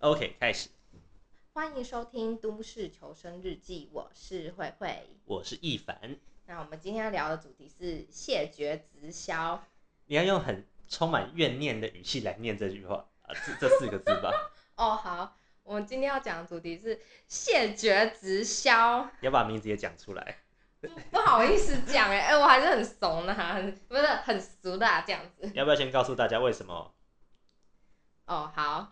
OK，開始。歡迎收聽《都市求生日記》，我是蕙蕙，我是易凡。那我們今天要聊的主題是“謝絕直銷”。你要用很充滿怨念的語氣來念這句話啊，這這四個字吧。 哦，好。我們今天要講的主題是“謝絕直銷”。要把名字也講出來。 不好意思講哎、欸欸，我還是很慫的、啊，不是很熟的、啊、這樣子。要不要先告訴大家為什麼？哦好，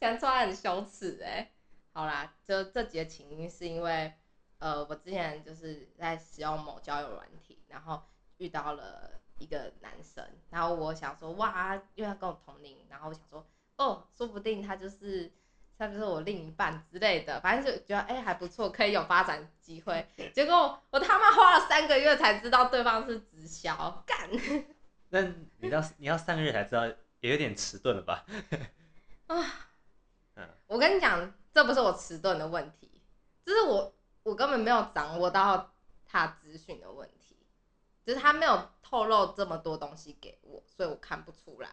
想 穿 很羞恥哎。好啦，就這集情因是因為，呃，我之前就是在使用某交友軟體，然後遇到了一個男生，然後我想說哇，因為他跟我同齡，然後我想說哦，說不定他就是，他就是我另一半之類的，反正就覺得哎、欸、還不錯，可以有發展機會。結果我他媽花了三個月才知道對方是直銷。幹，那你到你要三個月才知道？也有點遲鈍了吧？ 啊，我跟你講，這不是我遲鈍的問題，就是我我根本沒有掌握到他資訊的問題，就是他沒有透露這麼多東西給我，所以我看不出來。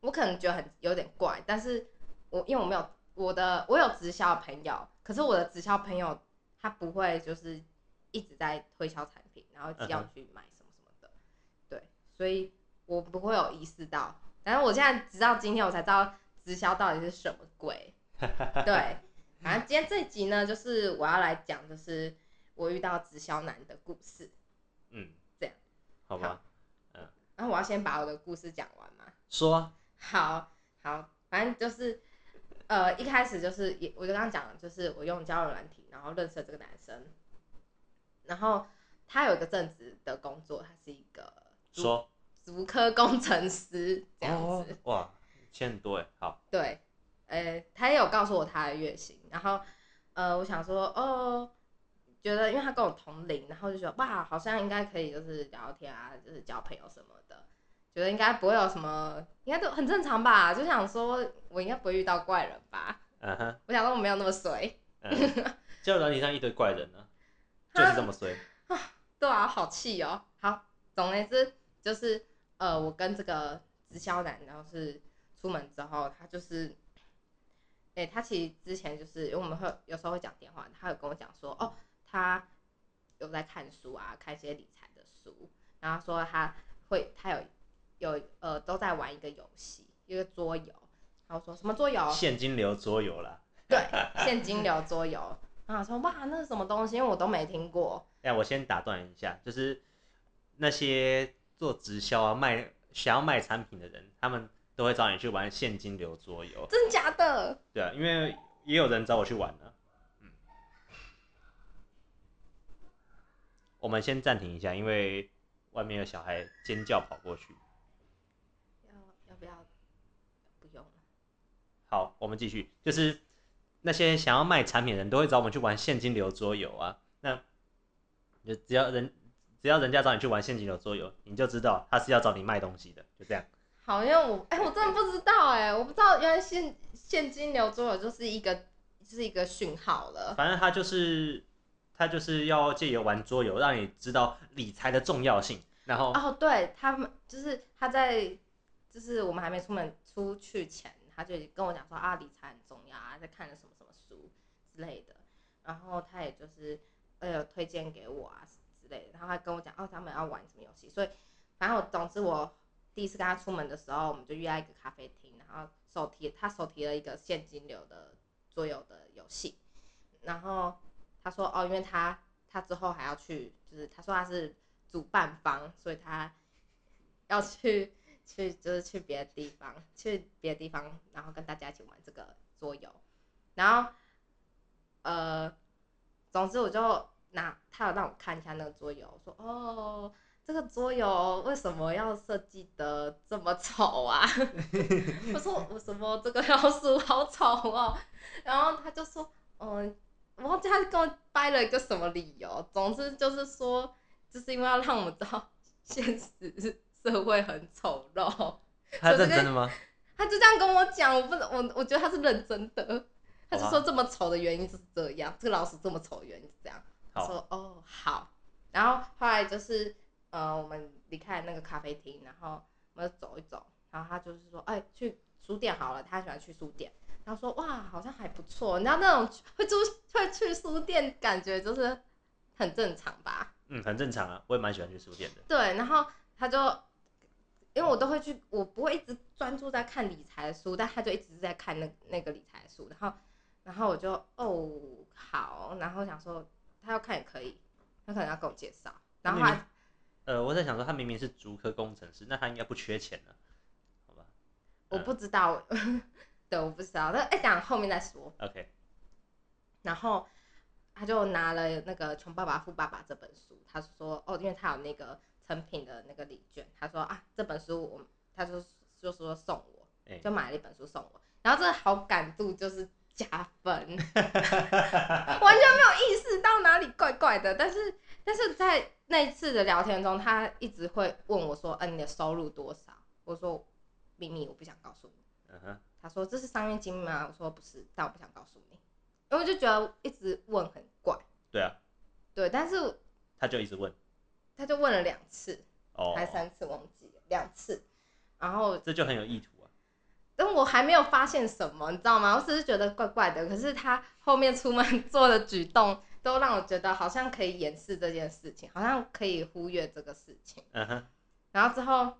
我可能覺得很有點怪，但是我因為我沒有我的我有直銷朋友，可是我的直銷朋友他不會就是一直在推銷產品，然後要去買什麼什麼的，嗯，對，所以我不會有意識到。然後我現在直到今天，我才知道直銷到底是什麼鬼。 對，反正今天這一集呢，就是我要來講，就是我遇到直銷男的故事。嗯，這樣，好吧。嗯、然、啊、後我要先把我的故事講完嘛。說、啊。好好，反正就是，呃，一開始就是也，我就剛剛講，就是我用交友軟體，然後認識了這個男生，然後他有一個正職的工作，他是一個。說。竹科工程師這樣子。哦、哇，錢很多哎！好對，哎、欸，他也有告訴我他的月薪，然後呃，我想說哦，覺得因為他跟我同齡，然後就覺得哇，好像應該可以就是聊天啊，就是交朋友什麼的，覺得應該不會有什麼，應該都很正常吧，就想說我應該不會遇到怪人吧。嗯，我想說我沒有那麼衰。嗯，就軟你像一堆怪人呢。啊嗯，就是這麼衰。啊啊、對啊，好氣哦。喔，好，總而言之就是。呃，我跟這個直銷男，然後是出門之後，他就是，哎、欸，他其實之前就是因為我們會有時候會講電話，他有跟我講說，哦，他有在看書啊，看一些理財的書，然後他說他會，他有有呃都在玩一個遊戲，一個桌遊，然後說什麼桌遊？現金流桌遊啦。對，現金流桌遊。 然後他說哇，那是什麼東西？因為我都沒聽過。哎、欸，我先打斷一下，就是那些。做直銷啊，賣想要賣產品的人，他們都會找你去玩現金流桌遊。真假的？對啊，因為也有人找我去玩呢啊。嗯，我們先暫停一下，因為外面有小孩尖叫跑過去。要要不要？不用了。好，我們繼續。就是那些想要賣產品的人，都會找我們去玩現金流桌遊啊。那就只要人，只要人家找你去玩現金流桌遊，你就知道他是要找你賣東西的，就這樣。好，因為我哎、欸，我真的不知道哎、欸，我不知道原來現現金流桌遊就是一個、就是一個訊號了。反正他就是他就是要借由玩桌遊讓你知道理財的重要性。然後哦，對，他們就是他在就是我們還沒出門出去前，他就跟我講說啊，理財很重要啊，在看什麼什麼書之類的，然後他也就是哎呦推薦給我啊。之類的然後他跟我講哦，他們要玩什麼遊戲，所以反正我總之我第一次跟他出門的時候，我們就約了一個咖啡廳，然後手提他手提了一個現金流的桌遊的遊戲，然後他說哦，因為他他之後還要去，就是他說他是主辦方，所以他要去去就是去別的地方去別的地方，然後跟大家一起玩這個桌遊，然後呃，總之我就。那他有讓我看一下那個桌遊，說哦，這個桌遊為什麼要設計的這麼醜啊？ 我說我什麼這個老鼠好醜哦。然後他就說，嗯，然後他就跟我掰了一個什麼理由，總之就是說，就是因為要讓我們知道現實社會很醜陋。他是認真的嗎？他就這樣跟我講，我不，我我覺得他是認真的，他就說這麼醜的原因就是這樣，哦啊，這個老鼠這麼醜的原因是這樣。啊、說哦好，然後後來就是呃我們離開那個咖啡廳，然後我們就走一走，然後他就是說哎，去書店好了，他喜歡去書店。他說哇好像還不錯，你知道那種會住會去書店，感覺就是很正常吧？嗯，很正常啊，我也蠻喜歡去書店的。對，然後他就因為我都會去，我不會一直專注在看理財的書，但他就一直是在看那那個理財的書，然後然後我就哦好，然後想說。他要看也可以，他可能要跟我介紹。然後他，呃，我在想說，他明明是竹科工程師，那他應該不缺錢了，好吧？我不知道， 對，我不知道。那哎、欸，講後面再說。OK。然後他就拿了那個《窮爸爸富爸爸》這本書，他說：“哦，因為他有那個成品的那個禮券，他說啊，這本書我，他就就說送我、欸，就買了一本書送我。然後這好感度就是。”加分 完全沒有意識到哪裡怪怪的，但是但是在那一次的聊天中，他一直會問我說：“嗯、啊，你的收入多少？”我說：“秘密，我不想告訴你。嗯哼”他說：“這是商業機密嗎？”我說：“不是，但我不想告訴你。”因為我就覺得一直問很怪。對啊，對，但是他就一直問，他就問了兩次，哦，還是三次，忘記了兩次，然後這就很有意圖。但我還沒有發現什麼，你知道嗎？我只是，是覺得怪怪的。可是他後面出門做的舉動，都讓我覺得好像可以掩飾這件事情，好像可以忽略這個事情。嗯哼。然後之後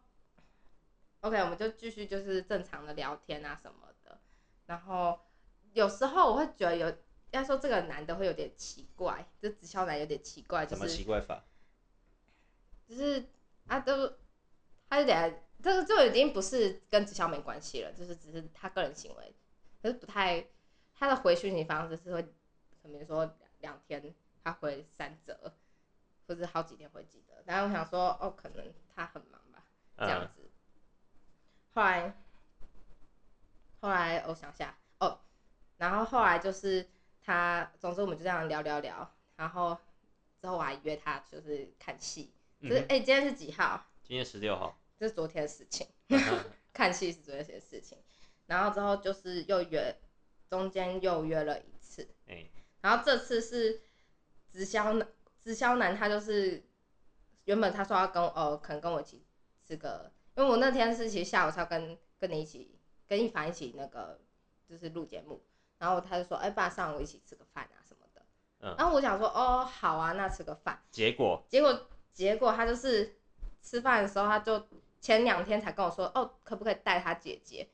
，OK，我們就繼續就是正常的聊天啊什麼的。然後有時候我會覺得有要說這個男的會有點奇怪，就直銷男有點奇怪，就是、怎麼奇怪法？就是啊，都他就等下。這個就已經不是跟直銷沒關係了，就是只是他個人行為，可是不太，他的回訊息方式是會說，可能說兩天他回三折，或者好幾天回幾折。但是我想說，哦，可能他很忙吧，這樣子。嗯、後來，後來我想想下，哦，然後後來就是他，總之我們就這樣聊聊聊。然後之後我還約他就是看戲、嗯，就是哎、欸，今天是幾號？今天十六號。這是昨天的事情，呵呵 看戲是昨天的事情，然後之後就是又約，中間又約了一次，哎、欸，然後這次是直銷男，直銷男他就是原本他說要跟呃、哦，可能跟我一起吃個，因為我那天是其實下午要跟跟你一起跟易凡一起那個就是錄節目，然後他就說哎、欸、爸，上午一起吃個飯啊什麼的、嗯，然後我想說哦，好啊，那吃個飯，結果結果結果他就是吃飯的時候他就。前兩天才跟我說哦，可不可以帶他姐姐？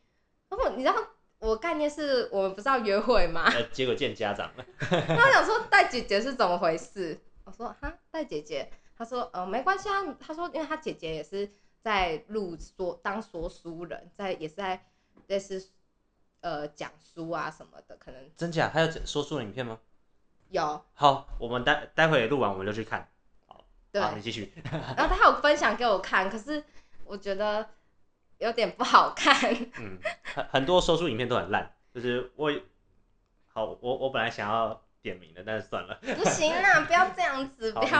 然、哦、後你知道我概念是我們不是要約會嗎？呃、結果見家長了。 他想說帶姐姐是怎麼回事？我說哈帶姐姐。他說嗯、呃，沒關係啊。他說因為他姐姐也是在錄說當說書人，在也是在類似呃講書啊什麼的，可能。真假？他有說書影片嗎？有。好，我們待待會錄完我們就去看。好，對，你繼續。然後他有分享給我看，可是。我覺得有點不好看。嗯，很很多說書影片都很爛， 就是我好我我本來想要點名的，但是算了。不行啊，不要這樣子， 不要不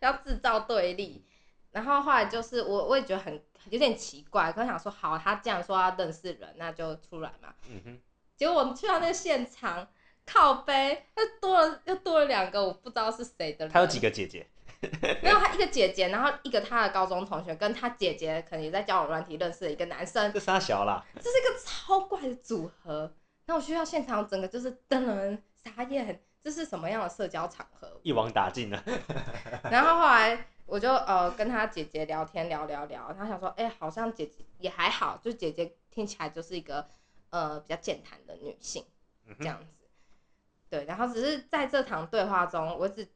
要製造對立。然後後來就是我我也覺得很有點奇怪，我想說，好，他這樣說他認識人，那就出來嘛。嗯哼。結果我們去到那個現場，靠背又多了又多了兩個，我不知道是誰的人。他有幾個姐姐？ 然後他一個姐姐，然後一個他的高中同學跟他姐姐可能也在交友軟體認識的一個男生，這三小啦，這是一個超怪的組合。那我需要現場，整個就是登人傻眼，這是什麼樣的社交場合？一網打盡了。 然後後來我就呃跟他姐姐聊天，聊聊聊，她想說，哎、欸，好像姐姐也還好，就姐姐聽起來就是一個呃比較健談的女性這樣子、嗯。對，然後只是在這場對話中，我只。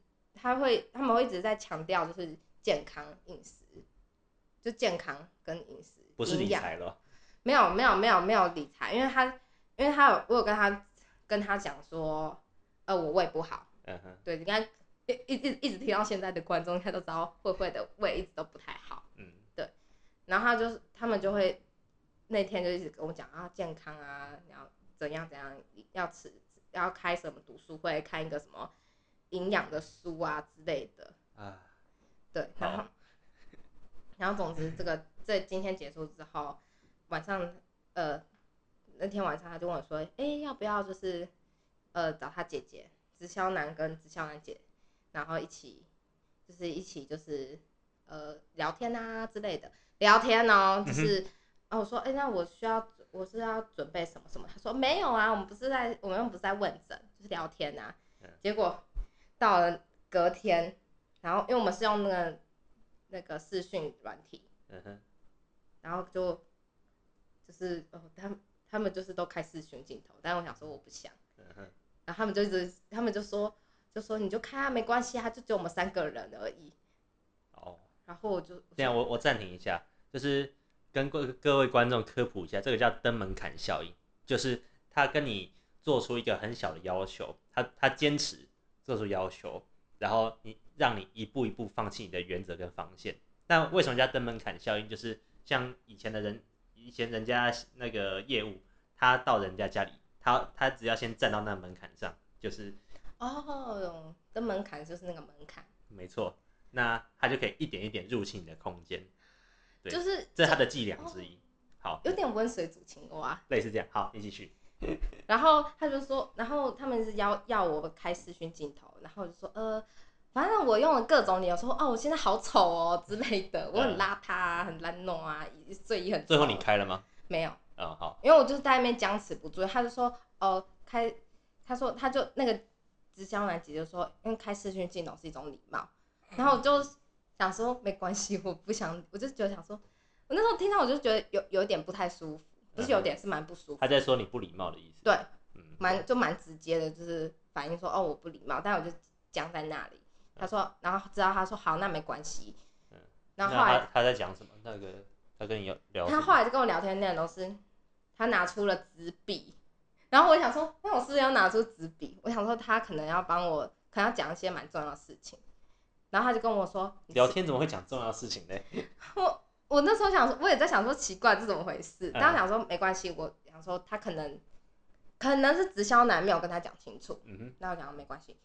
他會，他們會一直在強調就是健康飲食，就健康跟飲食營養，不是理財了，沒有，沒有，沒有，沒有理財，因為他，因為他有我有跟他跟他講說，呃，我胃不好，嗯哼，對，應該一一一直聽到現在的觀眾他都知道蕙蕙的胃一直都不太好，嗯，對，然後他就是他們就會那天就一直跟我講啊，健康啊，你要怎樣怎樣，要吃要開什麼讀書會，開一個什麼。營養的書啊之類的啊，對，然後然後總之這個在今天結束之後晚上，呃，那天晚上他就問我說哎、欸、要不要就是呃找他姐姐直銷男跟直銷男姐，然後一起就是一起就是呃聊天啊之類的聊天哦、喔、就是哦，嗯啊、我說哎、欸、那我需要我是要準備什麼什麼？他說沒有啊，我們不是在我們又不是在問診，就是聊天啊、嗯、結果。到了隔天，然後因為我們是用那個那個視訊軟體，嗯哼，然後就就是哦，他他們就是都開視訊鏡頭，但我想說我不想，嗯哼，然後他們就一直他們就說就說，你就開啊，沒關係啊，他就只有我們三個人而已。哦，然後我就這樣，我我暫停一下，就是跟各各位觀眾科普一下，這個叫登門檻效應，就是他跟你做出一個很小的要求，他他堅持。做出要求，然後你讓你一步一步放棄你的原則跟防線。那為什麼叫登門檻效應？就是像以前的人，以前人家那個業務，他到人家家裡，他他只要先站到那個門檻上，就是哦，登門檻就是那個門檻，沒錯。那他就可以一點一點入侵你的空間，對，就是這是他的伎倆之一。哦、好，有點溫水煮青蛙，類似這樣。好，你繼續。 然後他就說，然後他們是要要我開視訊鏡頭，然後就說呃，反正我用了各種理由說哦，我現在好醜哦之類的，我很邋遢啊，很懶弄啊，睡衣很……最後你開了嗎？沒有嗯、哦，好，因為我就是在那邊僵持不住，他就說哦、呃、開，他說他就那個直銷男姐就說，因為開視訊鏡頭是一種禮貌，然後我就想說沒關係，我不想，我就覺得想說我那時候聽到我就覺得有有一點不太舒服。不是有點是蠻不舒服、嗯，他在說你不禮貌的意思，對，蠻、嗯、就蠻直接的，就是反應說哦，我不禮貌，但我就僵在那裡、嗯。他說，然後知道他說好，那沒關係，嗯，然後後來他在講什麼？那個他跟你聊，他後來就跟我聊天內容是，他拿出了紙筆，然後我想說，那我是不是要拿出紙筆？我想說他可能要幫我，可能要講一些蠻重要的事情，然後他就跟我說，聊天怎麼會講重要的事情呢？我。我那時候想說，我也在想說奇怪是怎麼回事。然後想說沒關係，我想說他可能，可能是直銷男沒有跟他講清楚。嗯哼。然後我想說沒關係，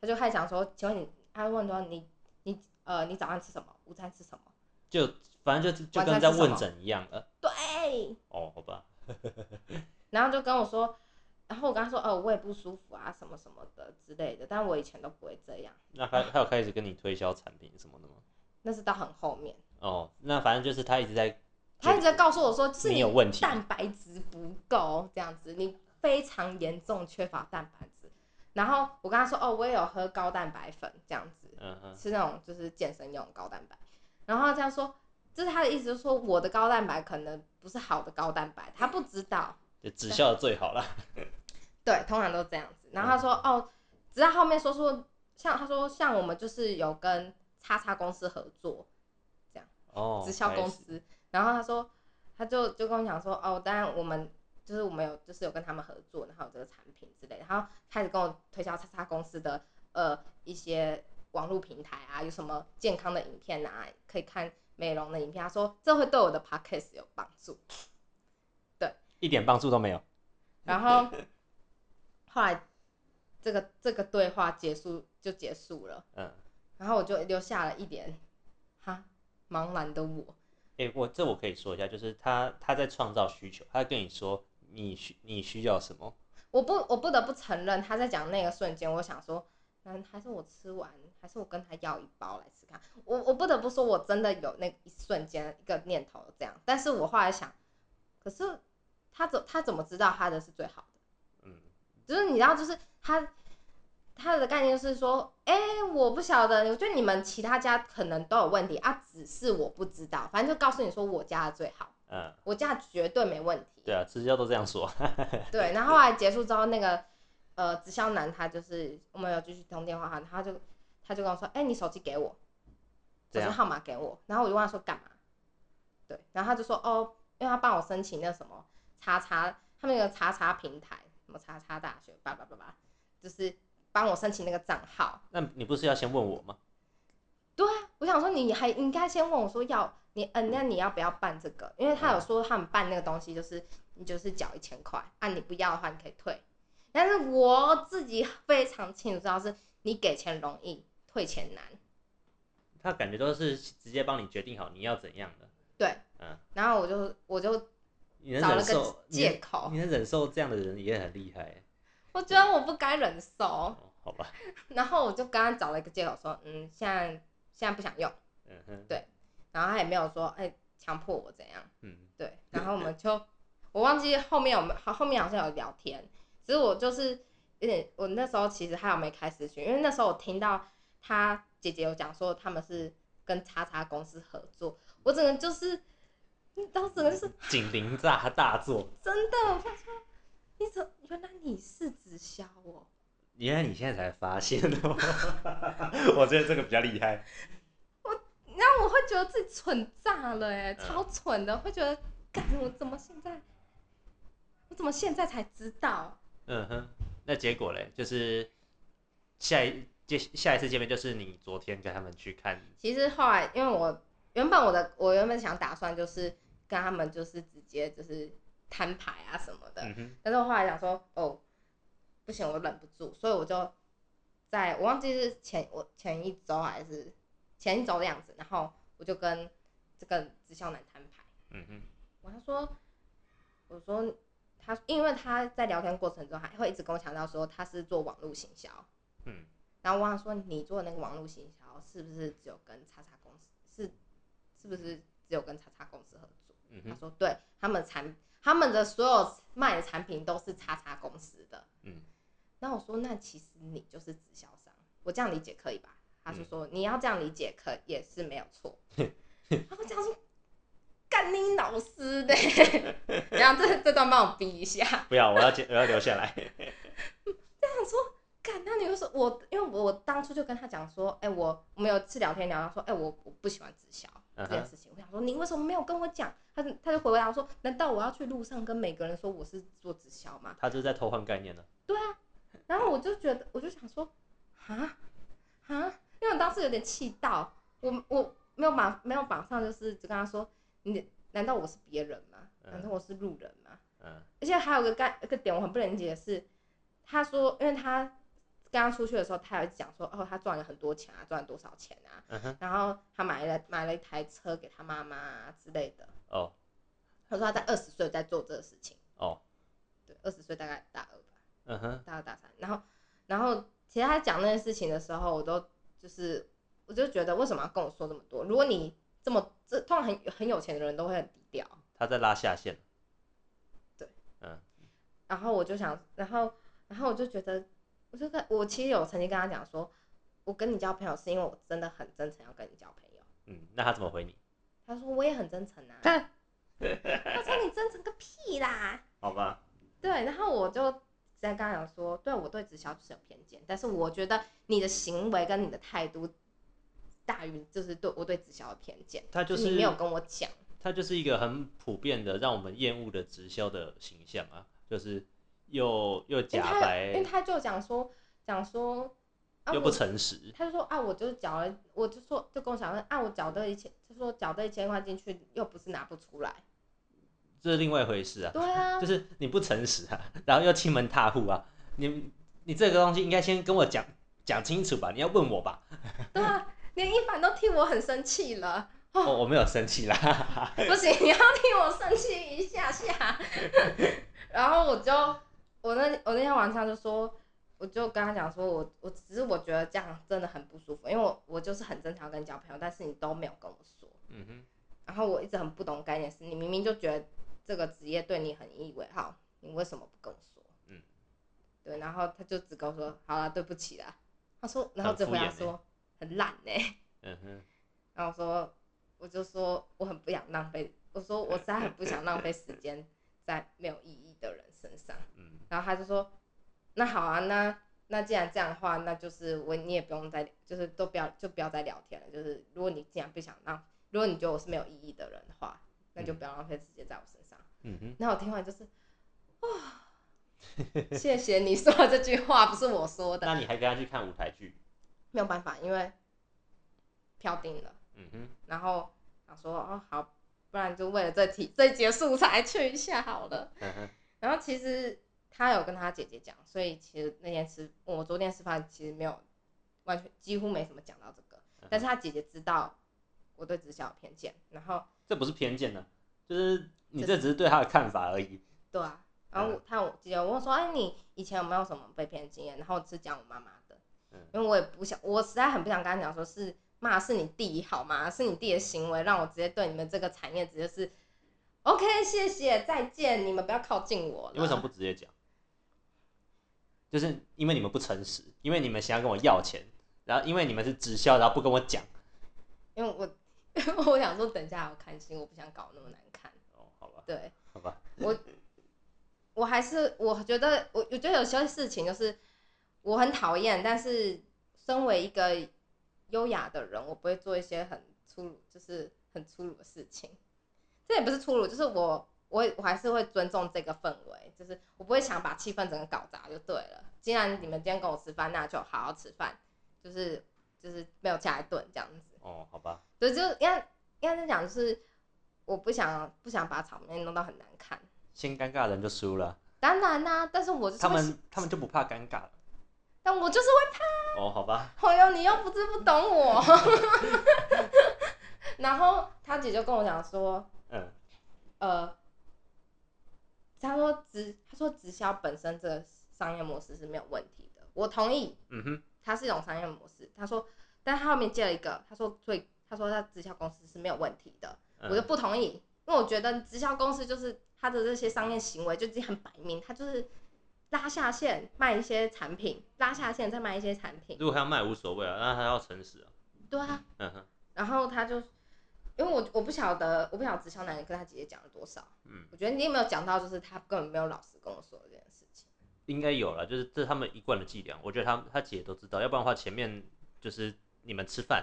他就還想說，請問你，他問說你你呃你早上吃什麼，午餐吃什麼？就反正就就跟在問診一樣呃對。哦，好吧。 然後就跟我說，然後我跟他說哦、呃，我胃不舒服啊，什麼什麼的之類的。但我以前都不會這樣。那還、啊、他還有開始跟你推銷產品什麼的嗎？那是到很後面。哦，那反正就是他一直在，他一直在告訴我說，是你蛋白質不夠這樣子，你非常嚴重缺乏蛋白質。然後我跟他說，哦，我也有喝高蛋白粉這樣子，嗯是那種就是健身用高蛋白。然後他這樣說，這是他的意思，就是說我的高蛋白可能不是好的高蛋白，他不知道，就只笑最好了。對，通常都是這樣子。然後他說，嗯、哦，直到後面說說，像他說像我們就是有跟叉叉公司合作。Oh, 直銷公司，然後他說，他就就跟我講說，哦，當然我們就是我們有就是有跟他們合作，然後有這個產品之類的，然後開始跟我推銷叉叉公司的呃一些網絡平台啊，有什麼健康的影片啊，可以看美容的影片，他說這會對我的 podcast 有幫助，對，一點幫助都沒有。然後 後來這個這個對話結束就結束了，嗯，然後我就留下了一點哈。茫然的我，哎、欸，我這我可以說一下，就是他他在創造需求，他跟你說你需你需要什麼。我不我不得不承認，他在講那個瞬間，我想說，嗯，還是我吃完，還是我跟他要一包來吃看。我我不得不說，我真的有那一瞬間一個念頭這樣，但是我後來想，可是他怎他怎麼知道他的是最好的？嗯，就是你知道，就是他。他的概念就是說，哎、欸，我不曉得，我覺得你們其他家可能都有問題啊，只是我不知道，反正就告訴你說我家最好，嗯，我家絕對沒問題。對啊，直銷都這樣說。 對，然後後來結束之後，那個呃，直銷男他就是我們有繼續通電話哈，他他就他就跟我說，哎、欸，你手機給我，手機、啊、號碼給我，然後我就問他說幹嘛？對，然後他就說哦，因為他幫我申請那什麼叉叉，他們那個叉叉平台什麼叉叉大學，叭叭叭叭，就是。幫我申請那個賬號。那你不是要先問我嗎？對啊，我想說你還應該先問我說要你嗯、呃，那你要不要辦這個？因為他有說他們辦那個東西就是你就是繳一千塊啊，你不要的話你可以退，但是我自己非常清楚知道是你給錢容易，退錢難。他感覺都是直接幫你決定好你要怎樣的，對，嗯、啊，然後我就我就，找了個借口你，你能忍受這樣的人也很厲害、欸。我覺得我不該忍受，嗯，好吧。然後我就剛剛找了一個借口說，嗯，現在現在不想用，嗯哼，對。然後他也沒有說，哎，強迫我怎樣，嗯，對。然後我們就， 我忘記後面我們後面好像有聊天，其實我就是有點，我那時候其實還沒有沒開始去，因為那時候我聽到他姐姐有講說他們是跟叉叉公司合作，我只能就是，當時就是警鈴大，大作，真的。我想說你怎，原來你是直銷哦、喔？原來你現在才發現哦！ 我覺得這個比較厲害。我那我會覺得自己蠢炸了哎、欸嗯，超蠢的，會覺得，哎，我怎麼現在，我怎麼現在才知道？嗯哼，那結果嘞，就是下一下一，下一次見面就是你昨天跟他們去看。其實後來因為我原本我的我原本想打算就是跟他們就是直接就是。攤牌啊什麼的、嗯，但是我後來想說，哦，不行，我忍不住，所以我就在，在我忘記是前我前一週還是前一週的樣子，然後我就跟這個直銷男攤牌。嗯，我還說，我說他，因為他在聊天過程中還會一直跟我強調說他是做網路行銷。嗯，然後我想說，你做那個網路行銷是不是只有跟叉叉公司是，是不是只有跟叉叉公司合作？嗯、他說對，他們產。他們的所有賣的產品都是叉叉公司的，嗯，那我說，那其實你就是直銷商，我這樣理解可以吧？嗯、他就說你要這樣理解可以，可也是沒有錯。他會這樣說， 幹你老師的， 這樣這這段幫我逼一下， 不要，我要接，我要留下來。這 樣說，幹，那你就說，我因為我我當初就跟他講說，哎、欸，我們有次聊天，聊天，聊到說，哎、欸，我我不喜歡直銷。這件事情，我想說，你為什麼沒有跟我講？他他就回回答我說，難道我要去路上跟每個人說我是做直銷嗎？他就在偷換概念呢。對啊，然後我就覺得，我就想說，啊啊！因為我當時有點氣到我，我沒有綁，沒有綁上，就是就跟他說，你難道我是別人嗎？難道我是路人嗎？嗯。嗯，而且還有個概，一個點我很不能理解是，他說，因為他。剛剛出去的時候，他有講說：“哦，他賺了很多錢啊，賺了多少錢啊？” uh -huh. 然後他買了買了一台車給他媽媽之類的。哦、oh.，他說他在二十歲在做這個事情。哦、oh.，對，二十歲大概大二吧。嗯哼，大二大三。然後，然後，其實他講那些事情的時候，我都就是，我就覺得為什麼要跟我說這麼多？如果你這麼這通常很很有錢的人都會很低調。他在拉下線。對，嗯、uh -huh.。然後我就想，然後，然後我就覺得。我就在，我其實有曾經跟他講說，我跟你交朋友是因為我真的很真誠要跟你交朋友。嗯，那他怎麼回你？他說我也很真誠啊。 他說你真誠個屁啦！好吧。對，然後我就在跟他講說，對我對直銷就是有偏見，但是我覺得你的行為跟你的態度大於就是對我對直銷的偏見。他就是沒有跟我講。他就是一個很普遍的讓我們厭惡的直銷的形象啊，就是。又又假白，因為他，因為他就講說講說、啊，又不誠實，他就說啊，我就繳了，我就說就跟我想說啊，我繳的一千，他說繳這一千塊進去，又不是拿不出來，這是另外一回事啊，對啊，就是你不誠實啊，然後又輕門踏戶啊，你你這個東西應該先跟我講講清楚吧，你要問我吧，對啊，連易凡都替我很生氣了，我、 哦、我沒有生氣啦， 不行，你要替我生氣一下下， 然後我就。我那我那天晚上就說，我就跟他講說我，我我只是我覺得這樣真的很不舒服，因為我我就是很正常跟你交朋友，但是你都沒有跟我說，嗯哼。然後我一直很不懂概念，是你明明就覺得這個職業對你很意味好，你為什麼不跟我說？嗯。對，然後他就只跟我說，好啦，對不起啦。他說，然後只回答說很懶呢、欸。嗯哼、欸。 然後我說，我就說我很不想浪費，我說我實在很不想浪費時間在沒有意義的人身上。然後他就說：“那好啊，那那既然這樣的話，那就是我你也不用再就是都不要就不要再聊天了。就是如果你既然不想讓如果你覺得我是沒有意義的人的話，那就不要浪費時間在我身上。”嗯哼。然後我聽完就是，哦， 謝謝你說的這句話，不是我說的。 那你還跟他去看舞台劇？沒有辦法，因為票訂了。嗯哼。然後他說：“哦好，不然就為了這題這節素材去一下好了。”嗯哼。然後其實。他有跟他姐姐講，所以其實那天吃我昨天吃飯其實沒有完全幾乎沒什麼講到這個，但是他姐姐知道我對直銷有偏見，然後這不是偏見呢、啊，就是你這只是對他的看法而已。對啊，然後他,、嗯、他我姐姐我問說，哎你以前有沒有什麼被騙經驗？然後是講我媽媽的、嗯，因為我也不想我實在很不想跟他講說是罵是你弟好嗎？是你弟的行為讓我直接對你們這個產業直接是 OK 謝謝再見，你們不要靠近我了。你為,為什麼不直接講？就是因為你們不誠實，因為你們想要跟我要錢，然後因為你們是直銷，然後不跟我講。因為我，因為我想說，等一下我開心，我不想搞那麼難看。哦，好吧。對，好吧。我，我還是我覺得我，我覺得有些事情就是我很討厭，但是身為一個優雅的人，我不會做一些很粗魯，就是很粗魯的事情。這也不是粗魯，就是我。我我還是會尊重這個氛圍，就是我不會想把氣氛整個搞砸就對了。既然你們今天跟我吃飯，那就好好吃飯，就是就是沒有加一頓這樣子。哦，好吧。所以就是因因為是講是我不想不想把場面弄到很難看，先尷尬人就輸了。當然啦、啊，但是我就是他們他們就不怕尷尬，但我就是會怕。哦，好吧。朋、哎、友，你又不是不懂我。 然後他姐就跟我講說，嗯，呃。他說直，他說直銷本身這商業模式是沒有問題的，我同意。嗯哼，他是一種商業模式。他說，但他後面接了一個，他說，所以他說他直銷公司是沒有問題的，我就不同意，嗯、因為我覺得直銷公司就是他的這些商業行為，就自己很擺明，他就是拉下線賣一些產品，拉下線再賣一些產品。如果他要賣無所謂啊，那他要誠實啊。對啊嗯。嗯哼，然後他就。因為我我不曉得，我不曉得直銷男跟他姐姐講了多少。嗯，我覺得你有沒有講到，就是他根本沒有老實跟我說這件事情。應該有了，就是這是他們一貫的伎倆。我覺得他他姐都知道，要不然的話前面就是你們吃飯，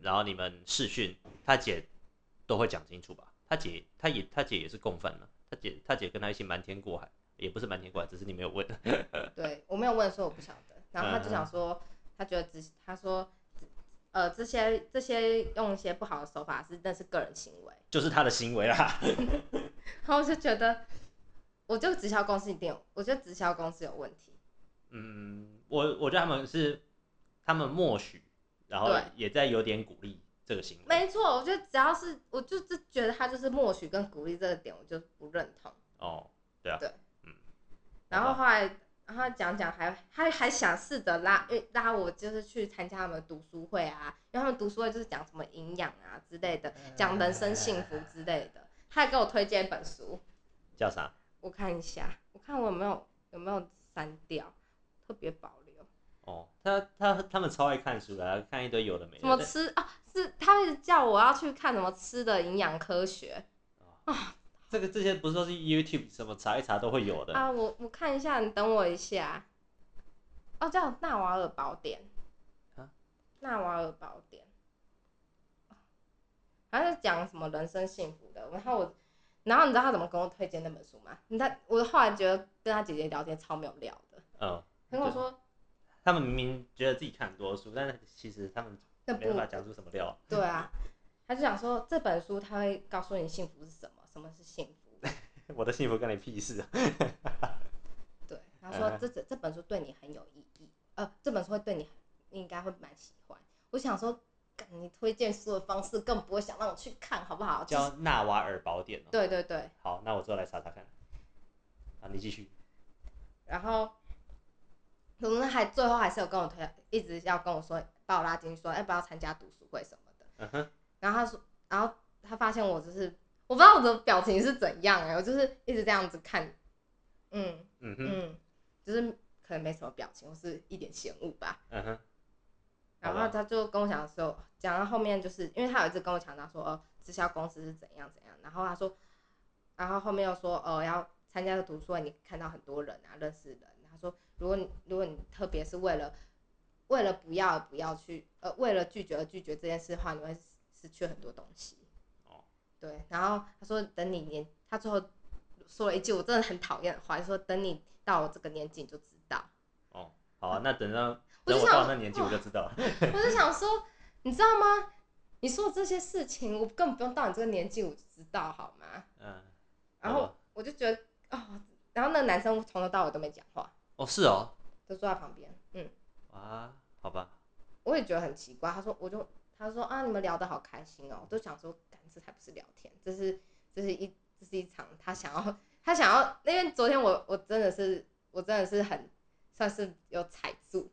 然後你們視訊，他姐都會講清楚吧？他姐他也他姐也是共犯了。他姐他姐跟他一起瞞天過海，也不是瞞天過海，只是你沒有問。 對，我沒有問，所以我不曉得，然後他就想說，嗯、他覺得直他說。呃，這些這些用一些不好的手法是，那是個人行為，就是他的行為啦。 然後我就覺得，我就直銷公司一定，我覺得直銷公司有問題。嗯，我我覺得他們是他們默許，然後也在有點鼓勵這個行為。沒錯，我覺得只要是，我就就覺得他就是默許跟鼓勵這個點，我就不認同。哦，對啊，對，嗯，然後後來。然後講講還，他還想試着拉，拉我就是去參加他們讀書會啊。因為他們讀書會就是講什麼營養啊之類的，講人生幸福之類的。他還給我推薦一本書，叫啥？我看一下，我看我有沒有，有沒有刪掉，特別保留。哦，他他他們超愛看書的啊，看一堆有的沒的。怎麼吃啊？哦，是他一直叫我要去看什麼吃的營養科學啊。哦這個這些不是說是 YouTube 什麼查一查都會有的啊！我我看一下，你等我一下。哦，叫《納瓦爾寶典》啊，《納瓦爾寶典》還是講什麼人生幸福的。然後我，然後你知道他怎麼跟我推薦那本書嗎？你我後來覺得跟他姐姐聊天超沒有料的。嗯、哦。跟我說，他們明明覺得自己看很多書，但是其實他們沒有辦法講出什麼料。對啊，他就講說 這本書他會告訴你幸福是什麼。什麼是幸福？ 我的幸福跟你屁事啊 ！對，他說這這本書對你很有意義，呃，這本書會對你，你應該會蠻喜歡。我想說，你推薦書的方式更不會想讓我去看好不好啊？叫《納瓦爾寶典》哦。對對對。好，那我之後來查查看。啊，你繼續。然後，可能還最後還是有跟我推，一直要跟我說把我拉進去說，要、欸、不要參加讀書會什麼的、嗯。然後他說，然後他發現我就是。我不知道我的表情是怎樣、欸、我就是一直這樣子看，嗯嗯嗯，就是可能沒什麼表情，我是一點嫌惡吧。嗯哼。然後他就跟我講的時候，講到後面就是，因為他有一次跟我強調說、呃、直銷公司是怎樣怎樣，然後他說，然後後面又說呃要參加的讀書會，你看到很多人啊，認識人。他說，如果你如果你特別是為了為了不要不要去呃為了拒絕而拒絕這件事的話，你會失去很多東西。對，然後他說等你年，他最後說了一句，我真的很討厭的話，就說等你到我這個年紀你就知道。哦，好啊，那等到等我到那年紀我就知道。我就，哦、 我就想說，你知道嗎？你說這些事情，我根本不用到你這個年紀我就知道，好嗎？嗯。然後我就覺得啊、哦哦，然後那男生從頭到尾都沒講話。哦，是哦。都坐在旁邊，嗯。啊，好吧。我也覺得很奇怪，他說我就他說啊，你們聊得好開心哦，我都想說。還不是聊天，這是，這是一，這是一場他想要，他想要，因為昨天我，我真的是，我真的是很，算是有踩住，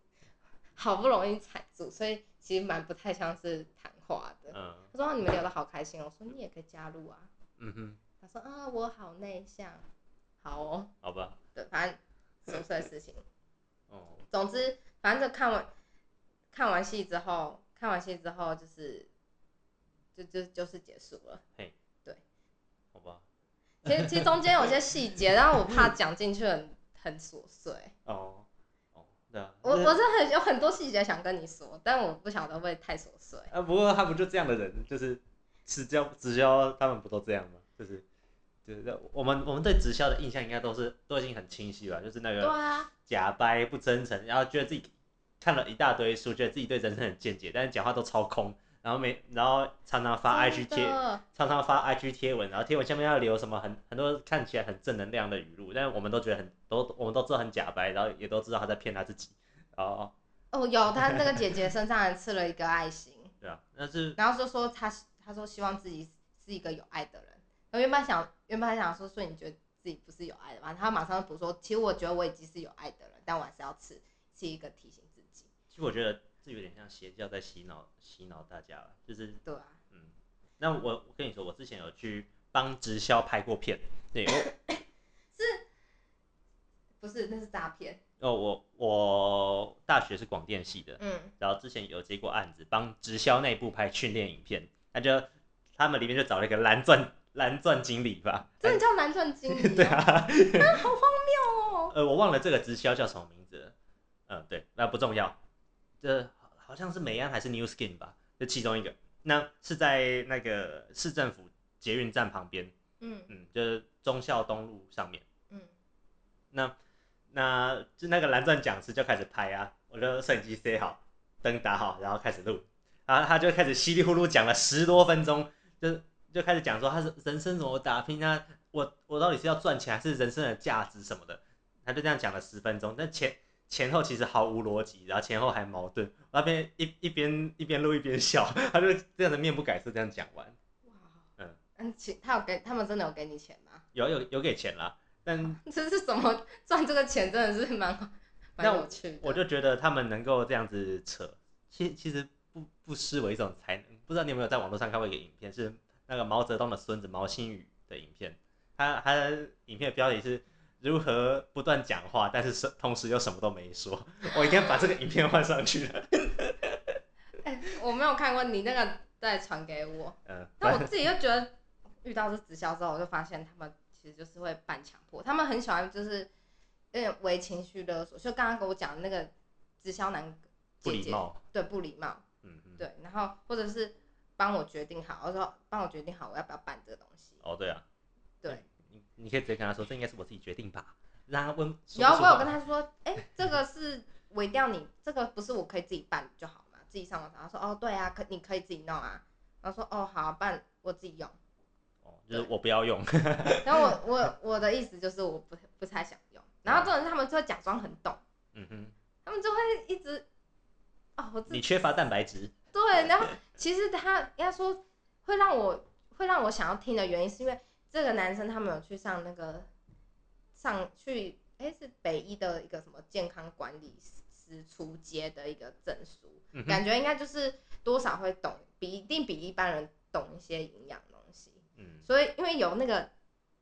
好不容易踩住，所以其實蠻不太像是談話的。嗯。他說：“你們聊得好開心喔。”我說：“你也可以加入啊。”嗯哼。他說：“啊，我好內向。”好哦喔。好吧。對，反正瑣碎事，事情。哦。總之，反正就看完，看完戲之後，看完戲之後就是。就就就是結束了，嘿，對，好吧其、其實其實中間有些細節，然 後我怕講進去很很瑣碎，哦哦，那我我是很有很多細節想跟你說，但我不曉得會太瑣碎。啊，不過他們就這樣的人，就是直銷直銷，他們不都這樣嗎？就是就是，我們我們對直銷的印象應該都是都已經很清晰了，就是那個對啊，假掰不真誠，然後覺得自己看了一大堆書，覺得自己對人生很見解，但是講話都超空。然後每然後常常發 IG 貼，常常發 IG 貼文，然後貼文下面要留什麼很很多看起來很正能量的語錄，但是我們都覺得很都我們都知道很假白，然後也都知道他在騙他自己。哦哦哦，有她那個姐姐身上還刺了一個愛心。 對啊，但是然後就說他他說希望自己是一個有愛的人，然後原本想原本他想說，所以你覺得自己不是有愛的嘛？她馬上補說，其實我覺得我已經是有愛的人，但我還是要刺，刺一個提醒自己。其實我覺得。這有點像邪教在洗腦，洗腦大家了，就是對、啊，嗯，那我我跟你說，我之前有去幫直銷拍過片，對，我 是，不是那是詐騙哦。我我大學是廣電系的，嗯，然後之前有接過案子，幫直銷內部拍訓練影片，他就他們裡面就找了一個藍鑽藍鑽經理吧，真的叫藍鑽經理、哦，嗯、 對啊, 啊，好荒謬哦。呃，我忘了這個直銷叫什麼名字了，嗯，對，那不重要。這好像是美安還是 New Skin 吧，這其中一個。那是在那個市政府捷運站旁邊，嗯嗯，就是忠孝東路上面。嗯，那那就那個藍鑽講師就開始拍啊，我就相機塞好，燈打好，然後開始錄。然後他就開始稀里糊塗講了十多分鐘，就就開始講說他是人生怎麼打拼啊，我我到底是要賺錢還是人生的價值什麼的，他就這樣講了十分鐘，但錢。前後其實毫無邏輯，然後前後還矛盾。那邊一一邊一邊錄一邊笑，他就這樣的面不改色這樣講完。哇，嗯嗯，錢他有給，他們真的有給你錢嗎？有有有給錢啦。但這是什麼賺這個錢，真的是蠻……那我去，我就覺得他們能夠這樣子扯，其實其實不不失為一種才能。不知道你有沒有在網絡上看過一個影片，是那個毛澤東的孫子毛新宇的影片，他他的影片的標題是，如何不斷講話，但是是同時又什麼都沒說？我一定要把這個影片換上去了。哎、 欸，我沒有看過你那個，再傳給我。嗯。那我自己又覺得，遇到這直銷之後，我就發現他們其實就是會扮強迫，他們很喜歡就是有點微情緒勒索。就剛剛跟我講的那個直銷男姐姐，不禮貌。對，不禮貌。嗯嗯。對，然後或者是幫我決定好，我說幫我決定好，我要不要辦這個東西？哦，對啊。對。欸你你可以直接跟他說，這應該是我自己決定吧，然後問。要我有跟他說，哎、欸，這個是違掉你， 這個不是我可以自己辦就好嘛，自己上網查。他說，哦，對啊，可你可以自己弄啊。然後說，哦，好辦，我自己用。哦，就是我不要用。 然後我我我的意思就是我不不太想用。 然後這種人他們就會假裝很懂，嗯哼，他們就會一直，哦，我自己你缺乏蛋白質。對，然後其實他應該說會讓我會讓我想要聽的原因是因為。這個男生他沒有去上那個上去，哎，是北醫的一個什麼健康管理師初階的一個證書，嗯，感覺應該就是多少會懂，比一定比一般人懂一些營養東西。嗯，所以因為有那個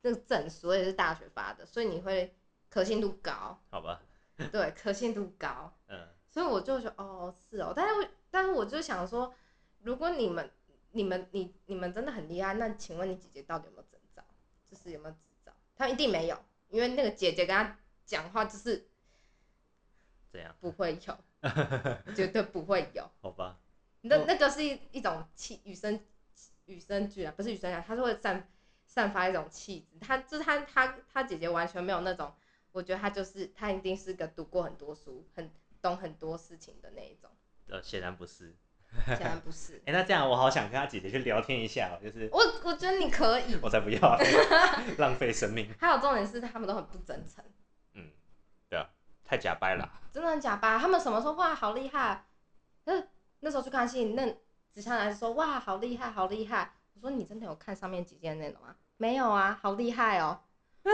那個證書也是大學發的，所以你會可信度高，好吧？ 對，可信度高。嗯，所以我就覺得哦，是哦，但是但是我就想說，如果你們你們你你們真的很厲害，那請問你姐姐到底有沒有證？就是有沒有執照？他一定沒有，因為那個姐姐跟他講話就是這樣，不會有， 絕對不會有。好吧，那那就、個、是一一種氣與生與生俱來，不是與生俱來，他是會散散發一種氣質。他就是他他他姐姐完全沒有那種，我覺得他就是他一定是個讀過很多書、很懂很多事情的那一種。呃，顯然不是。顯然不是。哎、 欸，那這樣我好想跟他姐姐去聊天一下哦，就是我我覺得你可以。 我才不要、啊，浪費生命。 還有重點是，他們都很不真誠。嗯，對啊，太假掰了。嗯、真的很假掰，他們什麼時候說哇好厲害那。那時候去看戲，那子謙來說：“哇，好厲害，好厲害！”我說：“你真的有看上面幾件內容嗎？”“沒有啊，好厲害哦。嗯”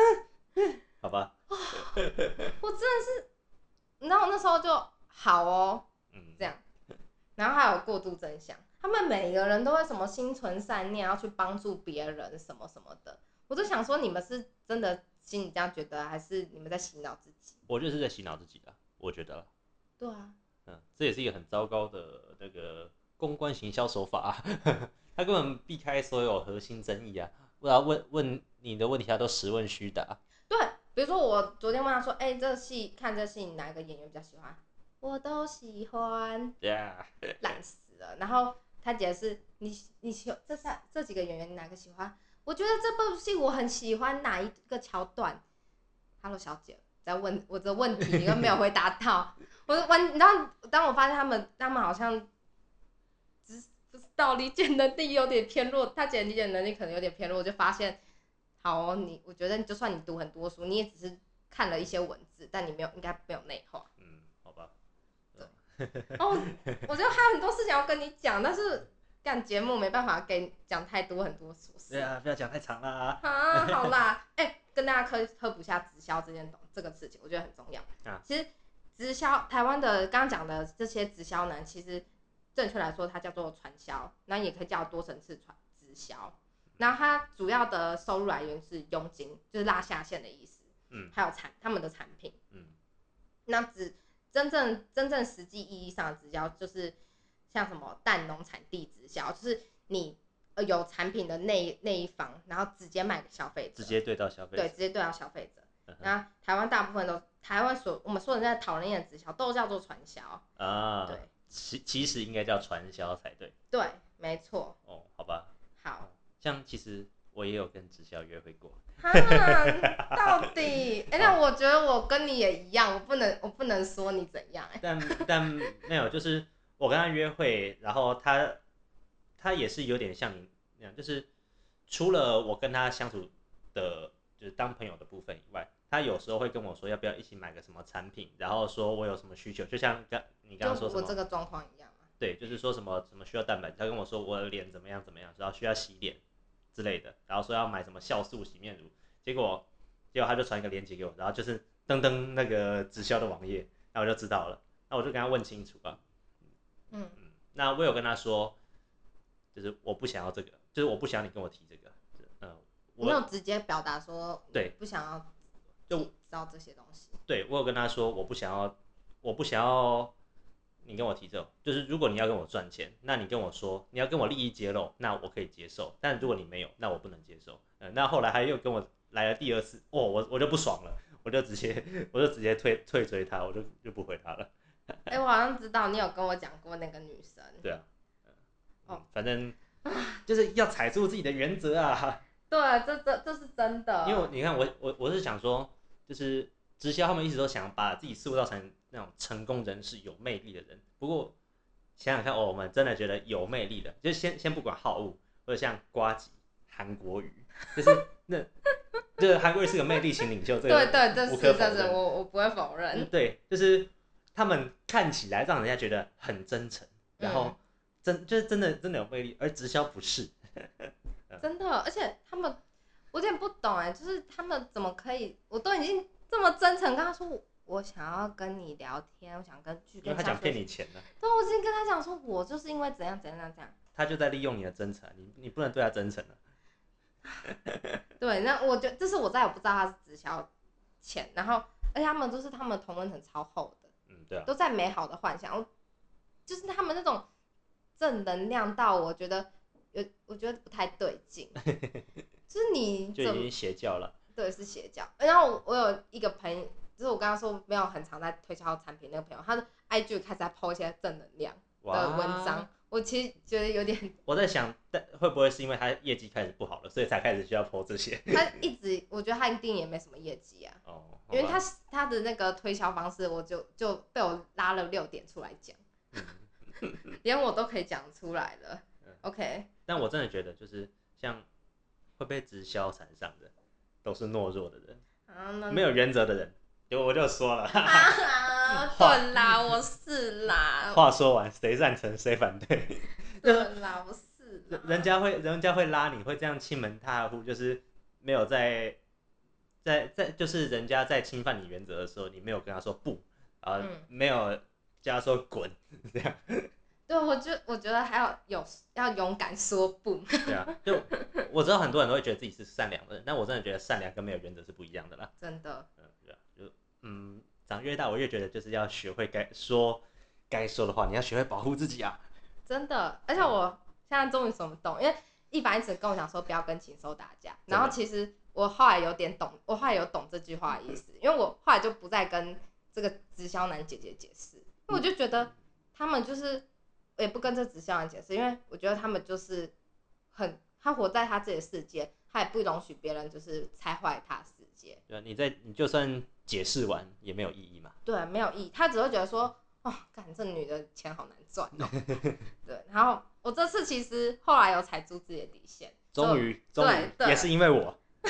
嗯，好吧、哦。我真的是，你知道我那時候就好哦，嗯，這樣。然後還有過度真相，他們每一個人都會什麼心存善念，要去幫助別人什麼什麼的。我就想說，你們是真的心裡這樣覺得，還是你們在洗腦自己？我就是在洗腦自己的，我覺得。對啊，嗯，這也是一個很糟糕的那個公關行銷手法、啊，他 根本避開所有核心爭議啊。我要問問你的問題，他都實問虛答。對，比如說我昨天問他說：“哎、欸，這戲、個、看這戲，你哪一個演員比較喜歡？”我都喜歡，懶、yeah, yeah. 死了。然後他解釋，你你喜這三這幾個演員你哪個喜歡？我覺得這部戲我很喜歡哪一個橋段？哈囉 小姐在問我的問題，你都沒有回答到。 我完，然後當我發現他們，他們好像，知知道理解能力有點偏弱。他姐理解能力可能有點偏弱，我就發現，好、哦，你我覺得就算你讀很多書，你也只是看了一些文字，但你沒有應該沒有內化。 哦，我覺得還有很多事情要跟你講，但是幹節目沒辦法給你講太多很多瑣事。對啊，不要講太長了 啊。好啦，欸、跟大家科普一下直銷這件這個事情，我覺得很重要。啊，其實直銷台灣的剛剛講的這些直銷呢，其實正確來說它叫做傳銷，那也可以叫多層次傳直銷。然後它主要的收入來源是佣金，就是拉下線的意思。嗯。還有產他們的產品。嗯。那只。真正真正實際意義上的直銷，就是像什麼蛋農產地直銷，就是你呃有產品的那一那一方，然後直接賣給消費者，直接對到消費者，對，直接對到消費者。那、嗯、台灣大部分都台灣所我們說現在討論的直銷，都叫做傳銷啊。對，其其實應該叫傳銷才對。對，沒錯。哦，好吧。好。像其實我也有跟直銷約會過。他 到底哎，那、欸、我覺得我跟你也一樣，哦、我不能我不能說你怎樣哎、欸。但但沒有，就是我跟他約會，然後他他也是有點像你那樣，就是除了我跟他相處的，就是當朋友的部分以外，他有時候會跟我說要不要一起買個什麼產品，然後說我有什麼需求，就像剛你剛剛說這個狀況一樣。對，就是說什麼什麼需要蛋白，他跟我說我的臉怎麼樣怎麼樣，然後需要洗臉之類的，然後說要買什麼酵素洗面乳，結果，結果他就傳一個鏈接給我，然後就是登登那個直銷的網頁，那、嗯、我就知道了，那我就跟他問清楚吧。嗯，嗯，那我有跟他說，就是我不想要這個，就是我不想你跟我提這個，嗯、呃，我沒有直接表達說，對，不想要，就知道這些東西，對，對我有跟他說我不想要，我不想要。你跟我提這，就是如果你要跟我賺錢，那你跟我說你要跟我利益揭露，那我可以接受。但如果你沒有，那我不能接受。嗯，那後來還又跟我來了第二次，哦，我我就不爽了，我就直接我就直接退退追他，我就就不回他了。哎、 欸，我好像知道你有跟我講過那個女生。對啊。嗯哦、反正 就是要踩住自己的原則啊。對，這這、這是真的。因為你看我我我是想說，就是直銷他們一直都想把自己塑造成。那種成功人士、有魅力的人。不過想想看、哦，我們真的覺得有魅力的，就先先不管好惡，或者像呱吉、韓國瑜，就是 那，就是韓國瑜是個魅力型領袖、這個，對對，對，這是是，是，是，我我不會否認。嗯、對，就是他們看起來讓人家覺得很真誠，然後、嗯、真就是真的真的有魅力，而直銷不是， 真的，而且他們我有點不懂哎，就是他們怎麼可以？我都已經這麼真誠跟他說。我想要跟你聊天，我想跟劇跟他講，因為他想騙你錢呢、啊。對，我之前跟他講說，我就是因為怎樣怎樣怎樣。他就在利用你的真誠，你你不能對他真誠了、啊。 對，那我覺，這是我在再也不知道他是直銷，錢，然後而且他們都是他們同溫層超厚的。嗯，對啊。都在美好的幻想，我就是他們那種正能量到我覺得有，我覺得不太對勁。 就是你就已經邪教了，對，是邪教。然後我有一個朋友。就是我剛剛說沒有很常在推銷產品那個朋友，他的 IG 開始在 po 一些正能量的文章，我其實覺得有點我在想，但會不會是因為他業績開始不好了，所以才開始需要 po 這些？他一直我覺得他一定也沒什麼業績啊，哦，因為他他的那個推銷方式，我就就被我拉了六點出來講， 連我都可以講出來了，嗯，OK。但我真的覺得就是像會被直銷纏上的，都是懦弱的人，啊，沒有原則的人。就我就說了，滾、啊、啦！我是啦。話說完，誰贊成誰反對？滾啦！我是啦。人家會，人家會拉你，會這樣侵門踏戶，就是沒有在在在，就是人家在侵犯你原則的時候，你沒有跟他說不，啊，沒有叫他說滾、嗯，這樣。對，我就我覺得還要有，有要勇敢說不。對啊，就我知道很多人都會覺得自己是善良的，人，但我真的覺得善良跟沒有原則是不一樣的啦。真的。嗯，對、啊嗯，長越大，我越覺得就是要學會該說該說的話，你要學會保護自己啊！真的，而且我現在終於懂、嗯，因為易凡一直跟我講說不要跟禽獸打架，然後其實我後來有點懂，我後來有懂這句話的意思，嗯、因為我後來就不再跟這個直銷男姐姐解釋，因、嗯、為我就覺得他們就是，我也不跟這直銷男姐姐解釋，因為我覺得他們就是很他活在他自己的世界。他也不容許別人就是拆壞他世界。對，你在你就算解釋完也沒有意義嘛。對，沒有意義，他只會覺得說，哦，感覺這女的錢好難賺、啊。 對，然後我這次其實後來有踩住自己的底線，終於，終於，也是因為我。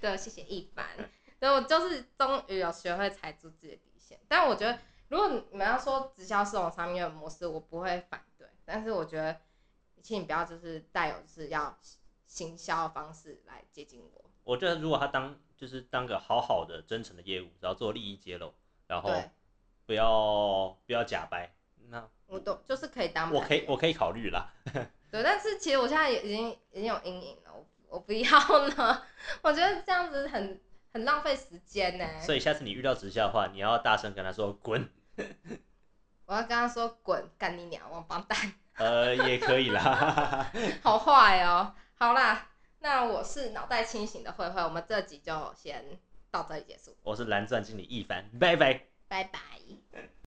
對，謝謝易凡、嗯。對，我就是終於有學會踩住自己的底線。但我覺得，如果你們要說直銷這種商業模式，我不會反對。但是我覺得，請你不要就是帶有就是要，行銷方式來接近我，我覺得如果他當就是當個好好的、真誠的業務，然後做利益揭露，然後不要不要假掰，那我，我都就是可以當。我可以我可以考慮啦。 對，但是其實我現在也已經已經有陰影了，我我不要了。 我覺得這樣子很很浪費時間呢、欸。所以下次你遇到直銷的話，你要大聲跟他說滾。 我要跟他說滾，幹你娘，王八蛋。 呃，也可以啦。 好壞哦、喔。好啦，那我是腦袋清醒的蕙蕙，我們這集就先到這裡結束。我是藍鑽經理易凡，拜拜。拜拜。拜拜。